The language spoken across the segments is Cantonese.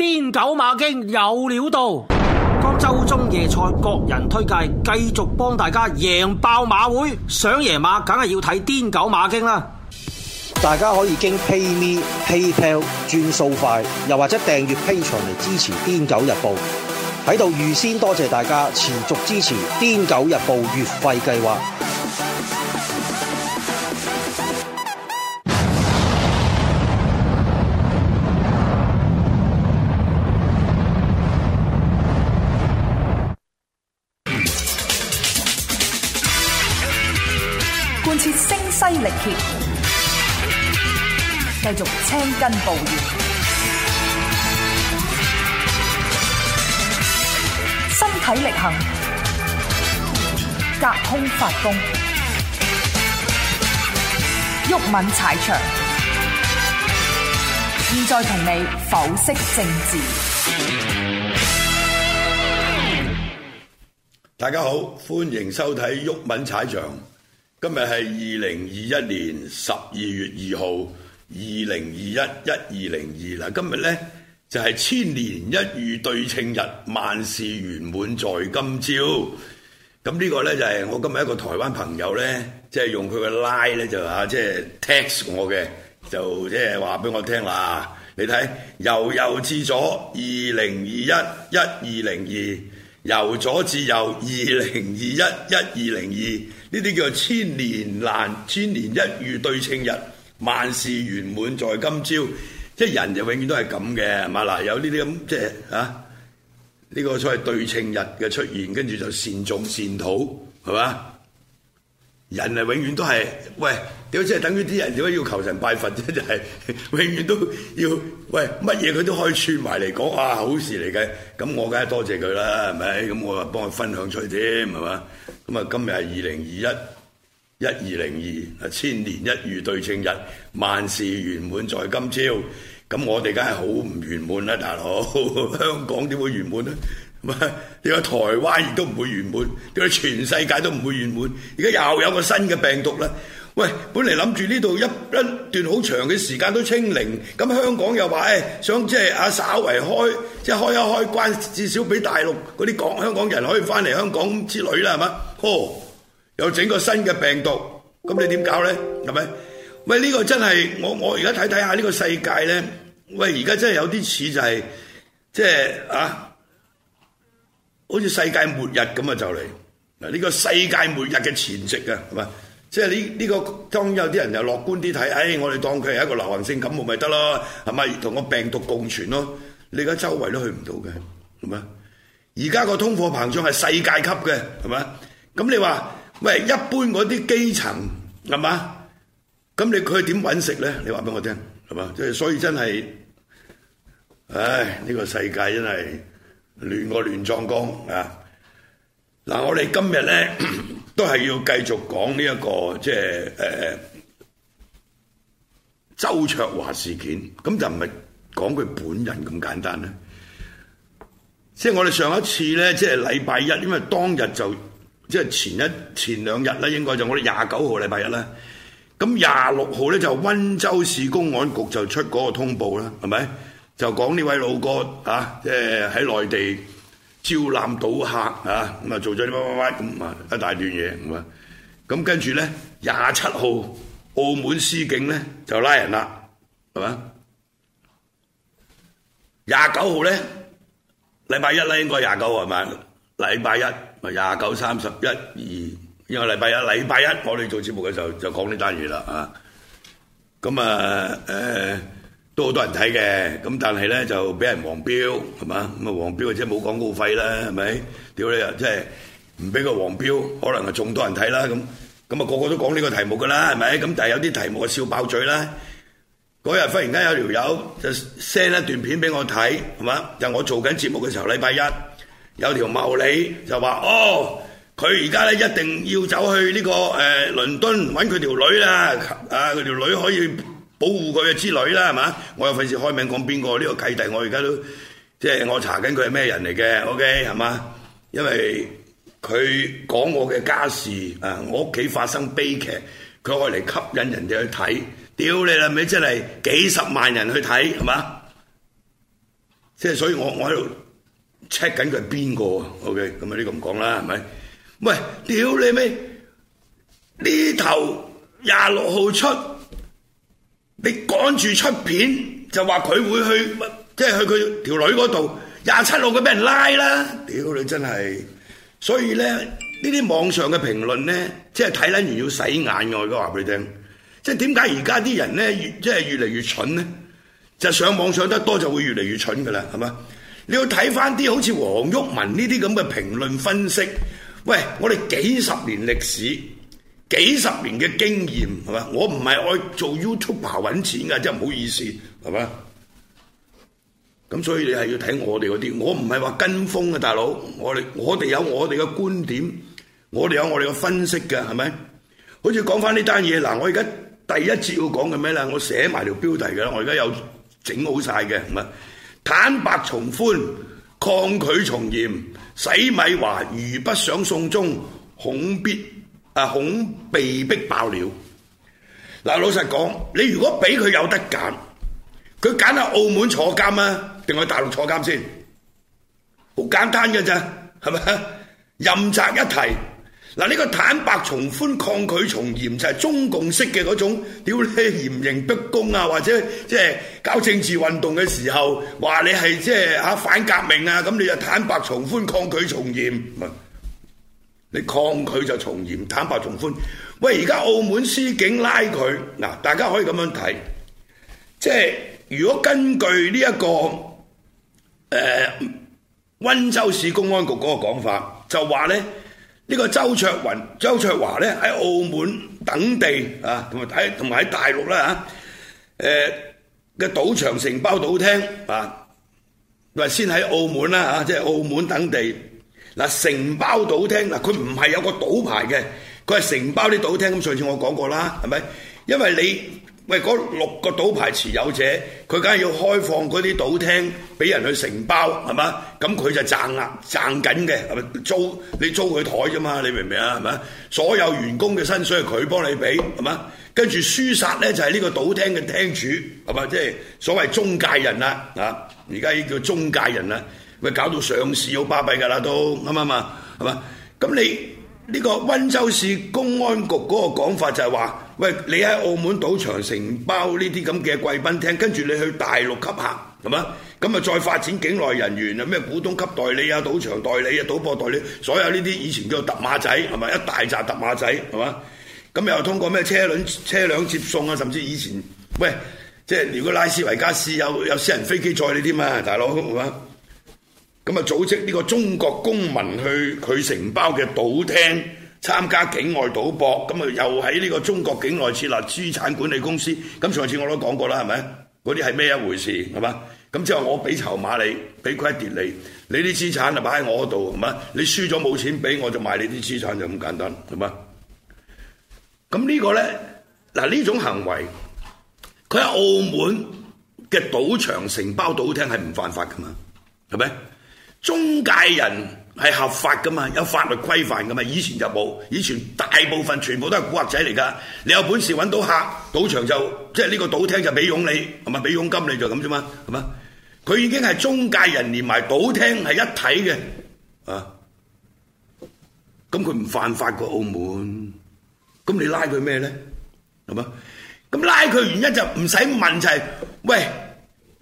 癲狗馬經有料到，當週中夜賽各人推介，繼續幫大家贏爆馬會。想贏馬梗係要睇癲狗馬經啦。大家可以經 PayMe、PayPal 轉數快，又或者訂閱 pay 牆嚟支持癲狗日報。喺度預先多謝大家持續支持癲狗日報月費計劃。繼續青筋暴現，身體力行，隔空發功，毓民踩場。現在同你剖析政治。大家好，歡迎收睇毓民踩場。今日係二零二一年十二月二號，二零二一一二零二。嗱，今日呢，就係、是、千年一遇對稱日，萬事圓滿在今朝。咁、這、呢個呢，就係、是、我今日一個台灣朋友呢，即係用佢嘅 Line 呢，就啊，即係 text 我嘅，就即係話俾我聽啦。你睇由右至左，二零二一一二零二。由左至右，二零二一，一二零二，呢啲叫做千年難，千年一遇對稱日，萬事圓滿在今朝。即係人就永遠都係咁嘅，係嘛嗱？有呢啲咁即係啊，呢、呢個所謂對稱日嘅出現，跟住就善頌善禱，係嘛？人係、啊、永遠都係，喂，屌，即係等於啲人點解要求神拜佛啫？就 係永遠都要，喂，乜嘢佢都可以串埋嚟講啊，好事嚟嘅。咁我梗係多謝佢啦，係咪？咁我啊幫佢分享出去添，係嘛？咁啊，今日係二零二一，一二零二啊，千年一遇對稱日，萬事圓滿在今朝。咁我哋梗係好唔圓滿啦，大佬，香港點會圓滿呢？喂，你話台灣亦都唔會圓滿，你話全世界都唔會圓滿。而家又有個新嘅病毒啦。喂，本嚟諗住呢度一一段好長嘅時間都清零，咁香港又話誒，想即係啊，稍為開，即係開一開關，至少俾大陸嗰啲港香港人可以翻嚟香港之類啦，係嘛？呵，又整個新嘅病毒，咁你點搞呢？係咪？喂，呢個真係我我而家睇睇下呢個世界呢。喂，而家真係有啲似就係即係啊～好似世界末日咁啊！就嚟嗱，呢個世界末日嘅前夕啊，係咪？即係呢呢個當有啲人又樂觀啲睇，誒、哎，我哋當佢係一個流行性感冒咪得咯，係咪？同個病毒共存咯。你而家周圍都去唔到嘅，係咪？而家個通貨膨脹係世界級嘅，係咪？咁你話喂，一般嗰啲基層係嘛？咁你佢點搵食咧？你話俾我聽係嘛？即係所以真係，唉，呢、這個世界真係。亂過亂撞工啊！嗱，我哋今日咧都係要繼續講呢、這、一個即係誒、呃、周卓華事件，咁就唔係講佢本人咁簡單啦。即係我哋上一次咧，即係禮拜一，因為當日就即係前一前兩日咧，應該就我哋廿九號禮拜一啦。咁廿六號咧就溫州市公安局就出嗰個通報啦，係咪？就講呢位老哥嚇，即係喺內地招攬賭客嚇，咁啊做咗啲乜乜乜咁啊一大段嘢咁啊，咁跟住咧廿七號澳門司警咧就拉人啦，係嘛？廿九號咧，禮拜一咧應該廿九係咪？禮拜一咪廿九三十一二因為禮拜一，禮拜一,一我哋做節目嘅時候就講呢單嘢啦啊，咁啊誒。都好多人睇嘅，咁但係呢，就俾人黃標，係嘛？咁啊黃標即係冇廣告費啦，係咪？屌你啊！即係唔俾個黃標，可能係仲多人睇啦咁。咁啊個個都講呢個題目㗎啦，係咪？咁但係有啲題目笑爆嘴啦。嗰日忽然間有條友就 send 一段片俾我睇，係嘛？就我做緊節目嘅時候，禮拜一有一條茂利就話：哦，佢而家呢，一定要走去呢、呢個誒、呃、倫敦揾佢條女啦，啊佢條女可以。保護佢嘅子女啦，係嘛？我有費事開名講邊個呢個契弟，我而家都即係我查緊佢係咩人嚟嘅？OK 係嘛？因為佢講我嘅家事，啊，我屋企發生悲劇，佢愛嚟吸引人哋去睇。屌你啦，咪真係幾十萬人去睇，係嘛？即係所以我我喺度 check 緊佢係邊個？OK，咁啊呢個唔講啦，係咪？喂，屌你咩？呢頭廿六號出。你趕住出片就話佢會去，即係去佢條女嗰度，廿七路佢俾人拉啦！屌你真係，所以咧呢啲網上嘅評論咧，即係睇咧完要洗眼，我而家話俾你聽，即係點解而家啲人咧越即係越嚟越蠢咧？就上網上得多就會越嚟越蠢噶啦，係咪？你要睇翻啲好似黃毓民呢啲咁嘅評論分析，喂，我哋幾十年歷史。幾十年嘅經驗係嘛？我唔係愛做 YouTuber 揾錢㗎，真係唔好意思係嘛？咁所以你係要睇我哋嗰啲，我唔係話跟風嘅大佬，我哋我哋有我哋嘅觀點，我哋有我哋嘅分析㗎，係咪？好似講翻呢單嘢嗱，我而家第一次要講嘅咩啦？我寫埋條標題㗎，我而家有整好晒嘅，係嘛，坦白從寬，抗拒從嚴，洗米華如不想送中，恐必。啊！恐被迫爆料。嗱，老實講，你如果俾佢有得揀，佢揀喺澳門坐監啊，定係大陸坐監先？好簡單㗎咋，係咪？任擇一題。嗱，呢個坦白從寬，抗拒從嚴就係中共式嘅嗰種，屌咧嚴刑逼供啊，或者即係搞政治運動嘅時候，話你係即係啊反革命啊，咁你就坦白從寬，抗拒從嚴。你抗拒就從嚴，坦白從寬。喂，而家澳門司警拉佢，嗱，大家可以咁樣睇，即係如果根據呢一個誒，溫州市公安局嗰個講法，就話咧，呢個周卓雲周卓華咧喺澳門等地啊，同埋喺同埋喺大陸啦吓，誒，嘅賭場承包賭廳啊，咪先喺澳門啦吓，即係澳門等地。啊嗱，承包賭廳，嗱佢唔係有個賭牌嘅，佢係承包啲賭廳。咁上次我講過啦，係咪？因為你喂嗰六個賭牌持有者，佢梗係要開放嗰啲賭廳俾人去承包，係嘛？咁佢就賺啦，賺緊嘅，係咪？租你租佢台啫嘛？你明唔明啊？係咪？所有員工嘅薪水係佢幫你俾，係嘛？跟住輸殺咧就係呢個賭廳嘅廳主，係嘛？即係所謂中介人啦，啊，而家呢叫中介人啦。喂，搞到上市好巴閉㗎啦，都啱唔啱啊？係嘛？咁你呢、呢個溫州市公安局嗰個講法就係話，喂，你喺澳門賭場承包呢啲咁嘅貴賓廳，跟住你去大陸吸客，係嘛？咁啊再發展境內人員啊，咩股東級代理啊、賭場代理啊、賭博代理，所有呢啲以前叫做疊碼仔，係嘛？一大紮疊碼仔，係嘛？咁又通過咩車輪車輛接送啊，甚至以前喂，即係如果拉斯維加斯有有私人飛機載你添呀，大佬係嘛？咁啊，組織呢個中國公民去佢承包嘅賭廳參加境外賭博，咁啊又喺呢個中國境外設立資產管理公司，咁上次我都講過啦，係咪？嗰啲係咩一回事係嘛？咁之後我俾籌碼你，俾 credit 你，你啲資產就擺喺我度係嘛？你輸咗冇錢俾我就賣你啲資產，就咁簡單，係嘛？咁呢個呢，嗱呢種行為，佢喺澳門嘅賭場承包賭廳係唔犯法噶嘛？係咪？中介人係合法噶嘛，有法律規範噶嘛，以前就冇，以前大部分全部都係古惑仔嚟噶。你有本事揾到客，賭場就即係呢個賭廳就俾傭你，係咪？俾傭金你就咁啫嘛，係嘛？佢已經係中介人連埋賭廳係一體嘅，啊，咁佢唔犯法過澳門，咁你拉佢咩咧？係嘛？咁拉佢原因就唔使問，就係、是、喂。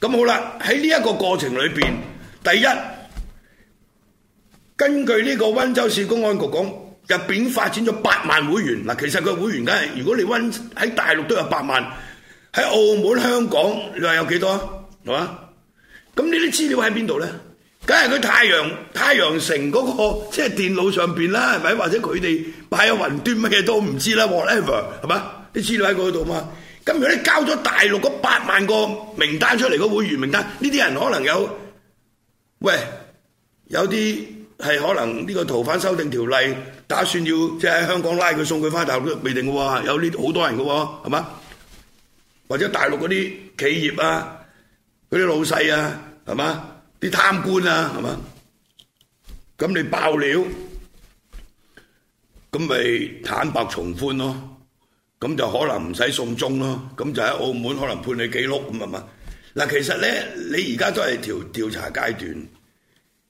咁好啦，喺呢一個過程裏面，第一，根據呢個溫州市公安局講，入邊發展咗八萬會員。其實個會員梗係，如果你溫喺大陸都有八萬，喺澳門、香港，你話有幾多啊？係嘛？咁呢啲資料喺邊度呢？梗係佢太陽太陽城嗰個即係電腦上面啦，係咪？或者佢哋擺喺雲端乜嘢都唔知啦，whatever 係嘛？啲資料喺嗰度嘛？咁如果你交咗大陸嗰八萬個名單出嚟個會員名單，呢啲人可能有，喂，有啲係可能呢個逃犯修訂條例打算要即係喺香港拉佢送佢翻大陸都未定㗎喎，有呢好多人㗎喎，係嘛？或者大陸嗰啲企業啊，嗰啲老細啊，係嘛？啲貪官啊，係嘛？咁你爆料，咁咪坦白從寬咯？咁就可能唔使送中咯，咁就喺澳門可能判你幾碌咁啊嘛。嗱，其實咧，你而家都係條調查階段，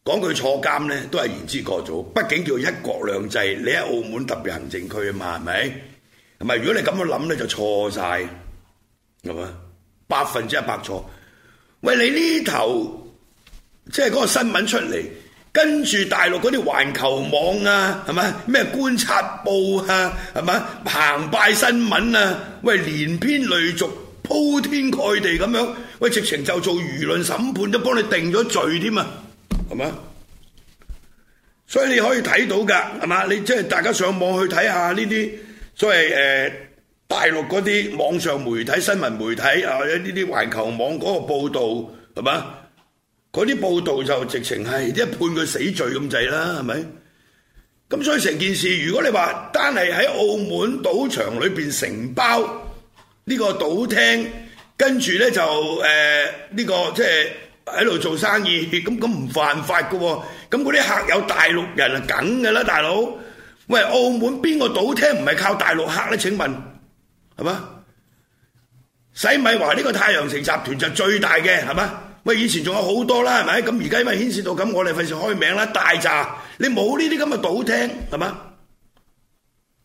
講句坐監咧都係言之過早。畢竟叫一國兩制，你喺澳門特別行政區啊嘛，係咪？係咪？如果你咁樣諗咧就錯晒，係嘛？百分之一百錯。喂，你呢頭即係嗰個新聞出嚟。跟住大陸嗰啲環球網啊，係咪？咩觀察報啊，係咪？澎湃新聞啊，喂，連篇累續，鋪天蓋地咁樣，喂，直情就做輿論審判，都幫你定咗罪添啊，係嘛？所以你可以睇到㗎，係嘛？你即係大家上網去睇下呢啲，所謂誒大陸嗰啲網上媒體、新聞媒體啊，或者呢啲環球網嗰個報導，係嘛？嗰啲報道就直情係即係判佢死罪咁滯啦，係咪？咁所以成件事，如果你話單係喺澳門賭場裏邊承包呢個賭廳，跟住咧就誒呢、呃這個即係喺度做生意，咁咁唔犯法㗎喎。咁嗰啲客有大陸人梗㗎啦，大佬。喂，澳門邊個賭廳唔係靠大陸客咧？請問係嘛？洗米華呢個太陽城集團就最大嘅係嘛？喂，以前仲有好多啦，係咪？咁而家因為牽涉到咁，我哋費事開名啦，大扎！你冇呢啲咁嘅賭廳，係嘛？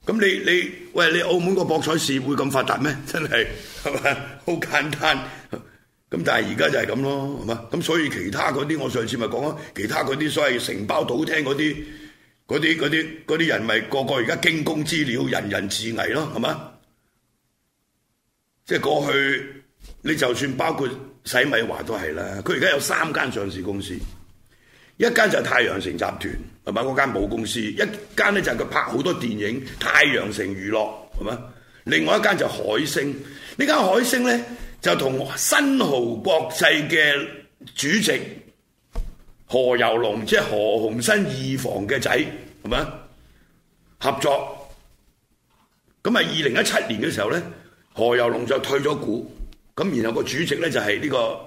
咁你你，喂，你澳門個博彩事會咁發達咩？真係係嘛？好簡單。咁但係而家就係咁咯，係嘛？咁所以其他嗰啲，我上次咪講咯，其他嗰啲所謂承包賭廳嗰啲，嗰啲嗰啲嗰啲人咪個個而家驚弓之鳥，人人自危咯，係嘛？即係過去。你就算包括洗米華都係啦，佢而家有三間上市公司，一間就係太陽城集團，係咪嗰間母公司？一間咧就係佢拍好多電影，太陽城娛樂，係咪？另外一間就係海星，呢間海星咧就同新濠國際嘅主席何猷龍，即係何鴻燊二房嘅仔，係咪？合作咁啊！二零一七年嘅時候呢，何猷龍就退咗股。咁然後個主席咧就係呢個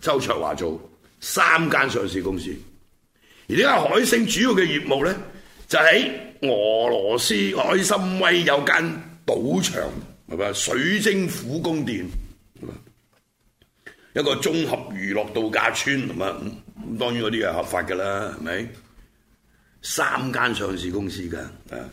周焯華做三間上市公司，而呢家海星主要嘅業務咧就喺、是、俄羅斯海參崴有間賭場，係咪水晶虎宮殿，係咪？一個綜合娛樂度假村，係咪？咁當然嗰啲係合法㗎啦，係咪？三間上市公司㗎，啊！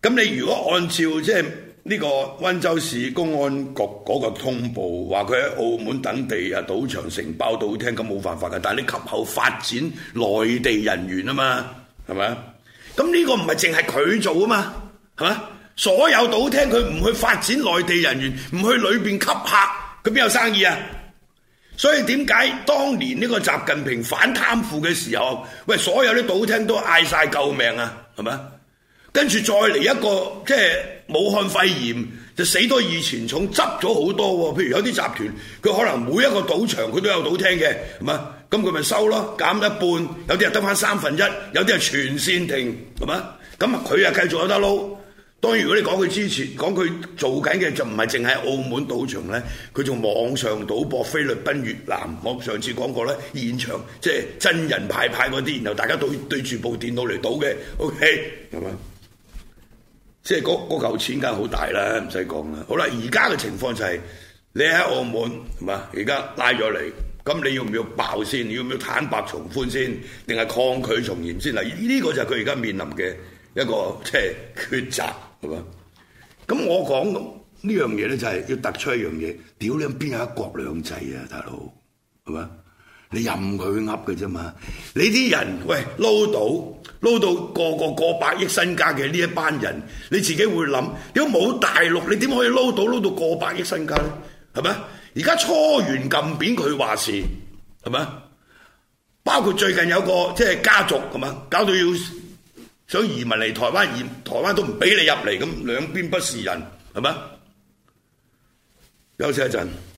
咁你如果按照即係。呢個溫州市公安局嗰個通報話佢喺澳門等地啊賭場承包賭廳，咁冇辦法嘅。但係你及後發展內地人員啊嘛，係咪啊？咁呢個唔係淨係佢做啊嘛，係嘛？所有賭廳佢唔去發展內地人員，唔去裏邊吸客，佢邊有生意啊？所以點解當年呢個習近平反貪腐嘅時候，喂，所有啲賭廳都嗌晒救命啊，係咪？跟住再嚟一個即係武漢肺炎，就死多，以前重執咗好多喎。譬如有啲集團，佢可能每一個賭場佢都有賭廳嘅，係嘛？咁佢咪收咯，減一半。有啲係得翻三分一，有啲係全線停，係嘛？咁佢又繼續有得撈。當然，如果你講佢之前，講佢做緊嘅就唔係淨係澳門賭場呢，佢仲網上賭博，菲律賓、越南。我上次講過呢，現場即係真人派派嗰啲，然後大家對對住部電腦嚟賭嘅。OK，係嘛？即係嗰嗰嚿錢梗係好大啦，唔使講啦。好啦，而家嘅情況就係、是、你喺澳門，係嘛？而家拉咗嚟，咁你要唔要爆先？你要唔要坦白從寬先？定係抗拒從嚴先啊？呢、這個就係佢而家面臨嘅一個即係、就是、抉擇，係嘛？咁我講咁呢樣嘢咧，就係要突出一樣嘢，屌你邊有一國兩制啊，大佬，係嘛？你任佢噏嘅啫嘛？你啲人喂撈到撈到個個過百億身家嘅呢一班人，你自己會諗，如果冇大陸，你點可以撈到撈到過百億身家咧？係咪？而家初完咁扁佢話事係咪？包括最近有個即係家族係嘛，搞到要想移民嚟台灣，而台灣都唔俾你入嚟，咁兩邊不是人係咪？休息一陣。